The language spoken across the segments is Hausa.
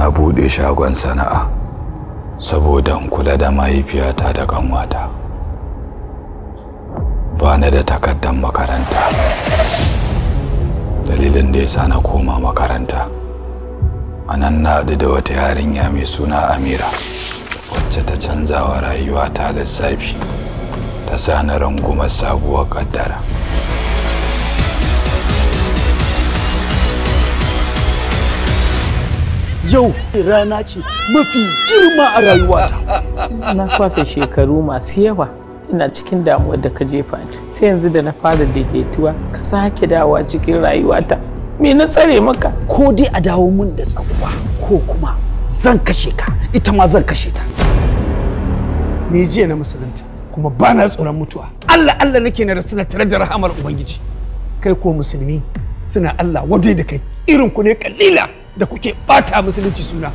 na buɗe shagon sana'a saboda in kula da mahaifiyata da kanwata ba na da takardar makaranta dalilin da ya sa na koma makaranta a nan na haɗu da wata yarinya mai suna amira wacce ta canzawa rayuwa ta lissafi ta sa na rungumar sabuwar ƙaddara yau rana ce mafi girma a rayuwata na kwasa shekaru masu yawa ina cikin damuwa da ka jefa sai yanzu da na fara daidaituwa ka sake dawowa cikin rayuwata me na tsare maka ko dai a dawo mun da tsakuwa ko kuma zan kashe ka ita ma zan kashe ta ni jiya na musulunta kuma ba na tsoron mutuwa Allah Allah nake na rasula tare da rahamar ubangiji kai ko musulmi suna Allah wadai da kai irin ku ne kalila da kuke bata musulunci suna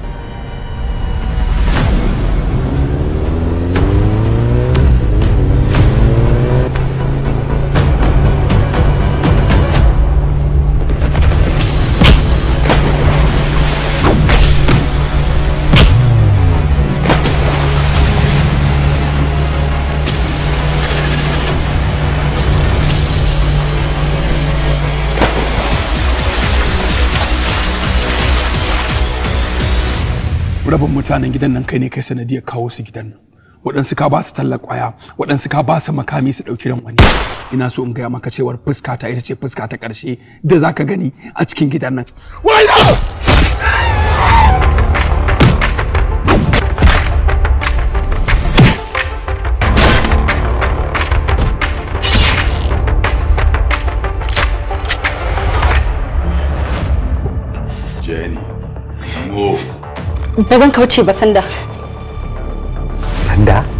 rabin mutanen gidan nan kai ne kai sanadiyar kawo su gidan nan waɗansu ka ba su tallar ƙwaya waɗansu ka ba su makami su ɗauki ran wani ina so in gaya maka cewar fuska ta ita ce fuska ta ƙarshe da za ka gani a cikin gidan nan Jenny. ba zan kauce ba sanda sanda